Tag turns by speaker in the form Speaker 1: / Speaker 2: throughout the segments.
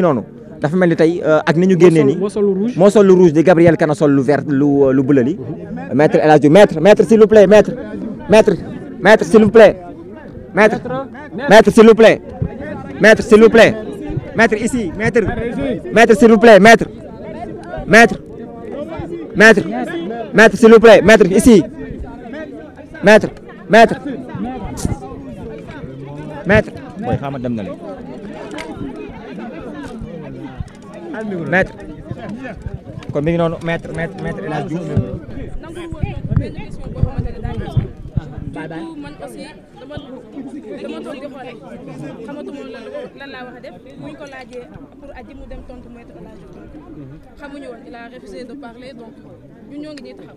Speaker 1: non dafa mel ni tey ak niñu ñu ni sol rouge di Gabriel kana sol lu vert lu lu bleu li maître El maître maître s'il vous plaît maître maître maître s'il vous plaît maître maître s'il vous plaît maître s'il vous plaît maître ici maître maître s'il vous plaît maître maître maître maître s'il vous plaît maître ici maître maître maître booy xaaral dem na leen. maître ko mi ngi noonu maître maître maître El Hadj Diouf.
Speaker 2: surtout man aussi dama dama toog di xoole xamatuma lan laa wax a def muñ ko lajé pour aji mu dem tontu maître El Hadj Diouf xamuñu woon il a refusé de parler donc ñu ñongi ni nii taxaw.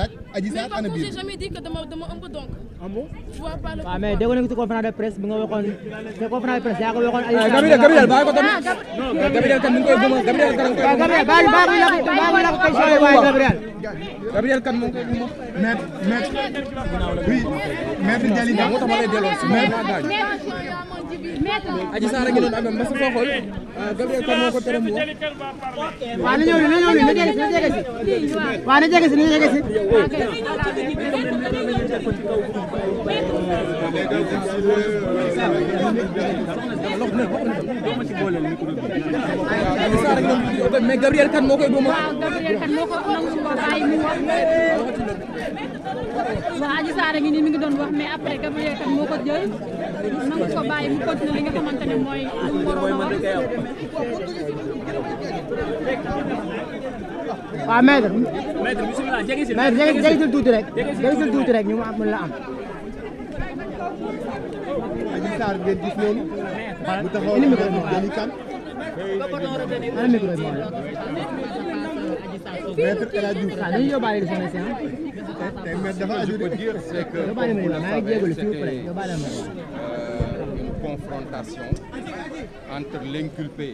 Speaker 2: laaj. Adji Sarr ana biir mais comme bi nga waxoon te conférence de presse yaa ko waxoon. Gabriel Gabriel bàyyi ko tamit. Gabriel kan mu ngi koy gëm Gabriel kan mu Gabriel.
Speaker 3: Gabriel
Speaker 4: mu ngi koy gëm. maître maître oui maître Diallo moo tax ma lay delloo
Speaker 2: Adji Sarr a ngi doon amee Massa foo xool Gabriel Kane moo ko tere mu wax. waaw na ñëw na ñëw na jege si na jege si waaw na jege si na jege si.
Speaker 5: Adji Sarr a ngi
Speaker 3: doon mais Gabriel Kane moo koy bu ma.
Speaker 2: waaw Adji Sarr a ngi nii mi ngi doon wax mais après Gabriel Kane moo ko jël. nangu ko bàyyi mu continuer li nga xamante ne mooy waaw maître maître jegisil tuuti rek jegisil tuuti rek ñu mu am mën la am Adji
Speaker 5: Sarr ngeen gis noonu bu taxaw indi micro bi kan ana micro bi Hein.
Speaker 3: une confrontation entre l'inculpé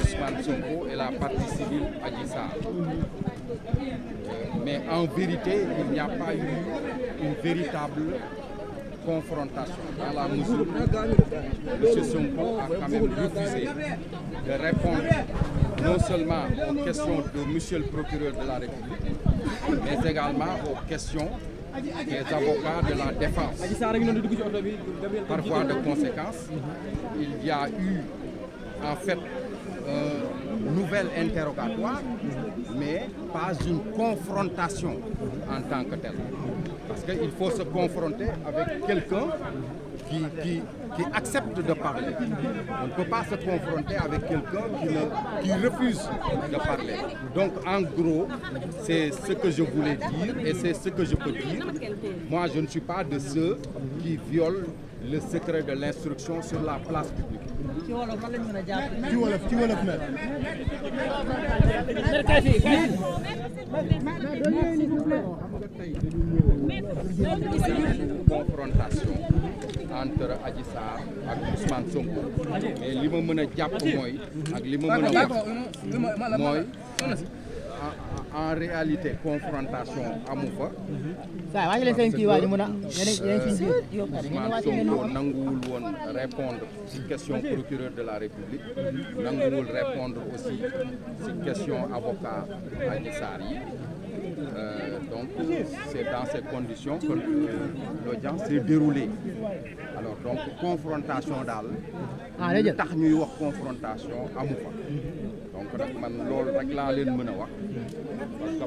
Speaker 2: Ousmane Sonko et la partie
Speaker 3: civile à euh, Mais en vérité, il n'y a pas eu une véritable confrontation dans la mesure où M. Sonko a quand même refusé de répondre non seulement aux questions de monsieur le procureur de la République, mais également aux questions
Speaker 2: des avocats de la
Speaker 3: défense. Parfois de conséquence,
Speaker 5: il y a eu
Speaker 3: en fait un nouvel interrogatoire, mais pas une confrontation en tant que telle. Parce qu'il faut se confronter avec quelqu'un qui, qui, accepte de parler. On ne peut pas se confronter avec quelqu'un qui, refuse de parler. Donc en gros, c'est ce que je voulais dire et c'est ce que je peux dire. Moi, je ne suis pas de ceux qui violent le secret de l'instruction sur la place publique.
Speaker 2: ci wolof lan mën jàpp
Speaker 5: ci wolof ci
Speaker 3: confrontation entre Adji ak Ousmane Sonko li ma mën mooy ak li ma mën mooy. en réalité confrontation à Moufa. waaw va seen Je va, ji mun a. Euh, répondre aux question procureur de la République nanguwul répondre aussi aux question avocat Adji Sari. Euh, donc c'est dans ces conditions que euh, l'audience s'est déroulée alors donc confrontation d'Al, ah, tax ñuy wax confrontation amu fa. rek man loolu rek laa leen mën a wax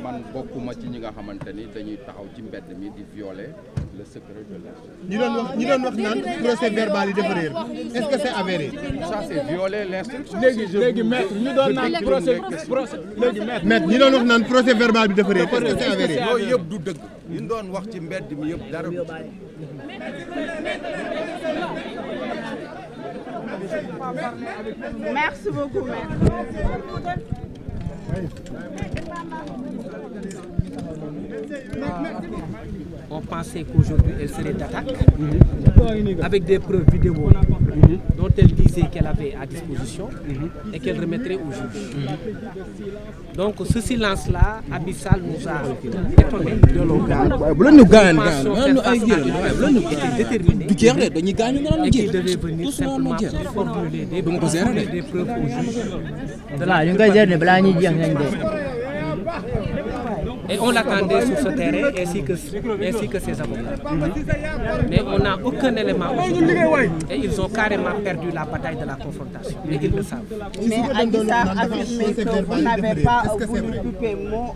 Speaker 3: man bokkuma ci ñi nga xamante ni dañuy taxaw ci mbedd mi di le secret de la ñi doon wax naan procès verbal yi dafa réer est-ce que c'est avéré ça c'est violer l'instruction léegi léegi maître ñu naan procès procès léegi bi
Speaker 4: dafa réer est-ce
Speaker 3: du dëgg ñu doon wax ci mbedd mi yëpp dara
Speaker 2: Merci beaucoup, maître.
Speaker 5: Merci beaucoup on pensait qu'aujourd'hui elle serait d'attaque, avec des preuves vidéo dont elle disait qu'elle avait à disposition et qu'elle remettrait au juge. Donc ce silence-là, Abyssal nous a étonné de l'organe. Et qu'il devait venir simplement formuler des preuves, des preuves au juge. Et on l'attendait sur ce terrain ainsi que, ainsi ses avocats.
Speaker 2: Mais on n'a aucun élément
Speaker 5: Et ils ont carrément perdu la bataille de la confrontation. Et ils le savent.
Speaker 2: Mais a affirmé que vous n'avez pas voulu mot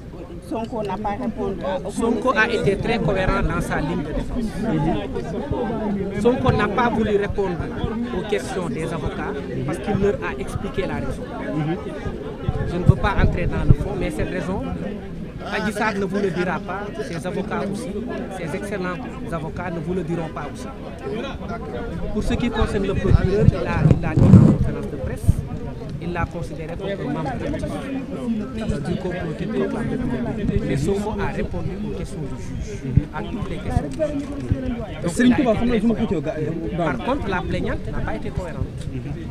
Speaker 2: Sonko n'a pas répondu. Sonko a été très
Speaker 5: cohérent dans sa ligne de défense. Sonko n'a pas voulu répondre aux questions des avocats parce qu'il leur a expliqué la raison. Je ne veux pas entrer dans le fond, mais cette raison Aguissard ah, ne vous le dira pas, ses avocats aussi, ses excellents avocats ne vous le diront pas aussi. Pour ce qui concerne le procureur, il a, il a dit en conférence de presse il l'a considéré comme un membre
Speaker 2: du communauté. qui Mais mot a
Speaker 5: répondu aux questions du juge, à toutes les questions du juge. Euh, Par contre, la plaignante n'a pas été cohérente.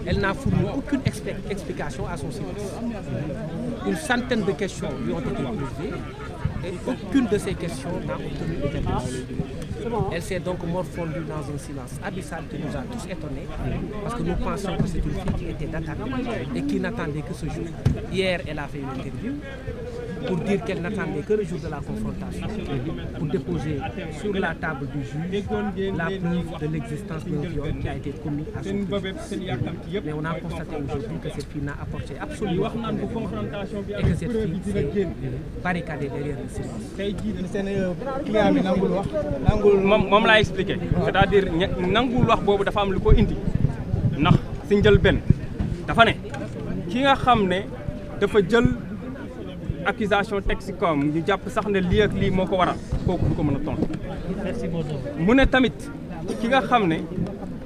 Speaker 5: Elle n'a fourni aucune explication à son silence. Une centaine de questions lui ont été posées et aucune de ces questions n'a obtenu de réponse. Elle s'est donc morfondue dans un silence abyssal qui nous a tous étonnés parce que nous pensions que c'est une fille qui était d'attaque et qui n'attendait que ce jour. Hier, elle a fait une interview pour dire qu'elle n'attendait que le jour de la confrontation pour déposer sur la table du juge la preuve de l'existence d'un viol qui a été commis à son prix. Mais on a constaté aujourd'hui que cette fille n'a apporté absolument rien et que cette fille s'est barricadée derrière le silence. je l'ai expliqué c'est-à-dire
Speaker 1: nanguwul wax boobu dafa am lu ko indi ndax si njël Ben. dafa ne ki nga xam dafa jël accusation teg si kawam ñu jàpp sax ne lii lii moo ko waral kooku du ko mën a tontu. mu ne tamit ki nga xam ne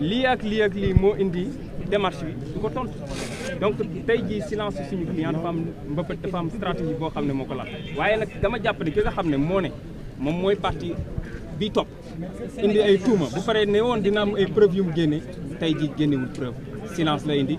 Speaker 1: lii ak lii ak moo indi démarche bi du ko tontu. donc tey jii silence suñu client dafa am mbëppët dafa am stratégie boo xam ne moo ko la waaye nag dama jàpp ne ki nga xam ne moo ne moom mooy parti bi topp
Speaker 5: indi ay tuuma bu paree
Speaker 1: ne woon dina am ay preuve yu génne tey jii génnewul preuve silence la indi.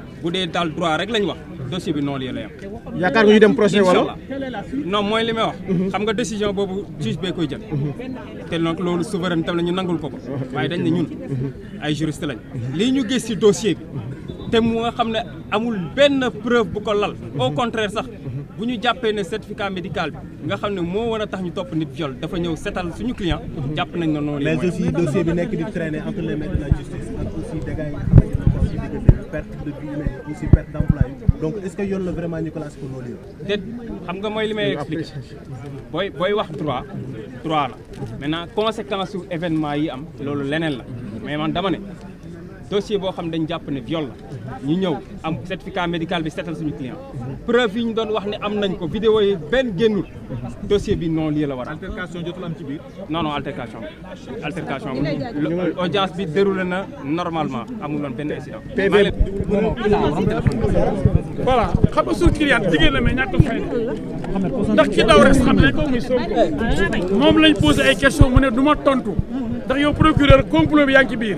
Speaker 1: bu dee daal droit rek lañ wax dossier bi noonu la yem.
Speaker 4: yakar nga ñu dem procès wala. non moy li may wax.
Speaker 1: Mhm. xam nga décision bobu juge bee koy jël. Mhm. té nag loolu souverain tam la ñu nangul ko ko. Mhm. waaye dañ ne ñun ay juriste lañ. li ñu gis ci dossier bi. té mo nga xam amul benn preuve bu ko lal. au contraire sax. bu ñu jappé né certificat médical bi nga xam mo moo tax ñu top nit viol dafa ñew sétal suñu client. japp nañ na non li mais aussi dossier bi nek di traîner entre les mains de la justice ak aussi dégâts perte de vie humaine aussi perte d'emploi donc est ce que yoon la vraiment Nicolas pour laas ko loolu yëpp. déet xam nga mooy li may expliqué booy wax droit droit la maintenant conséquence événement yi am loolu leneen la mais man dama ne dossier bo xam dañ japp ne viol la ñu ñew am certificat médical bi sétal suñu client preuve yi ñu doon wax ne am nañ ko vidéo yi ben génnul dossier bi non lii la war altercation jotul am ci biir non non altercation altercation amul audience bi déroulé na normalement amul woon ben incident voilà xam nga suñu client jigéen la mais
Speaker 4: ñàkk fay ndax ci daw rek xam ne ko muy Sonko mom lañ poser ay questions mu ne duma tontu ndax yow procureur complot bi yaa ngi ci biir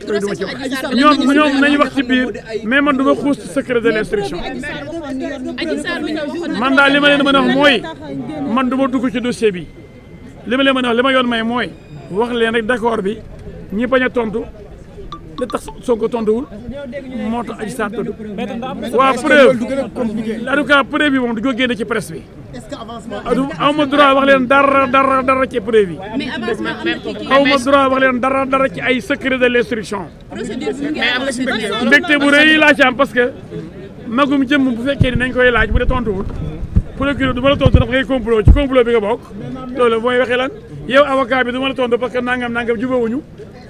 Speaker 1: ñoom ñoom
Speaker 4: nañ wax ci biir mais man du ma xuus ci secret de l'instruction
Speaker 2: man daal li ma leen mën a wax mooy man
Speaker 4: du ma dugg ci dossier bi li ma leen mën a wax li ma yoon may mooy wax leen rek d'accord bi ñi bañ a tontu li tax Sonko tontuwul moo tax Adji a tontu waa preuve en tout cas preuve bi moom du jógee na que presse bi adu awma droit wax leen dara dara dara ci preuve yi awma droit wax leen dara dara ci ay secret de l'instruction
Speaker 2: mbégte bu rëy laa
Speaker 4: ci am o que magum jëmm bu fekkee ni nañ koy laaj bu dee tontuwul procureur du ma la tontu dafa ngay complot ci complot bi nga bokk loolu mooy waxee lan yow avocat bi du ma la tontu parce que nangam nangam jubawuñu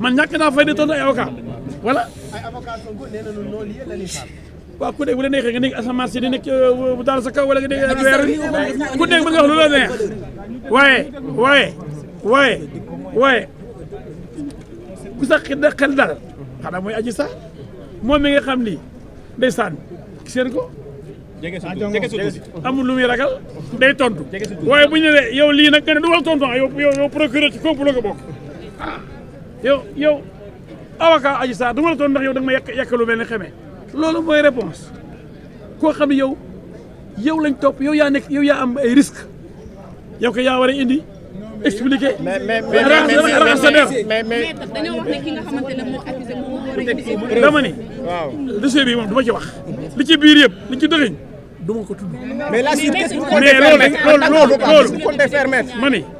Speaker 4: man ñàkk naa fay de tontu ay avocat voilà. ay waaw ku nekk bu la neexee nga nekk asamaan di nekk euh, bu daal sa kaw wala nga nekk ak weer ku nekk mën nga wax neex waaye waaye waaye waaye ku xel dal xanaa mooy aji sax moom mi nga xam ni ndeysaan gis ngeen ko. Ah, amul lu muy ragal day tontu. waaye bu ñu ne yow lii nag nga ne du wal tontu ah yow yow procureur ci complot nga bokk ah. yow yow avocat Adji Sarr du la doon ndax yow da nga ma yàq yàqalu mel ne xamee loolu mooy réponse koo xam ne yow yow lañ topp yow yaa nekk yow yaa am ay risque yow ko yaa war indi expliquer. mais mais mais mais
Speaker 2: mais dañoo wax ne ki nga xamante ne
Speaker 4: ci wax li ci biir yëpp li ci dëxiñ du ma ko tudd. mais la suite qu'est-ce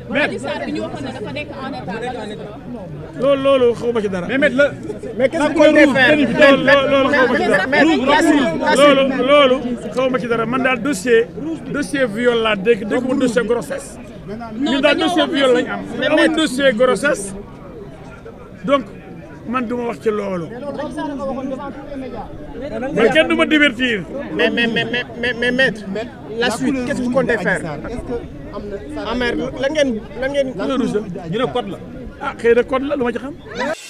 Speaker 4: mais loolu loolu mais mais qu'est-ce faire dossier dossier viol grossesse. dossier donc mais mais mais mais mais maître la suite qu'est-ce faire.
Speaker 5: am na
Speaker 4: lan ngeen lan ngeen la ñu ne code la ah xëy na code la lu ma ci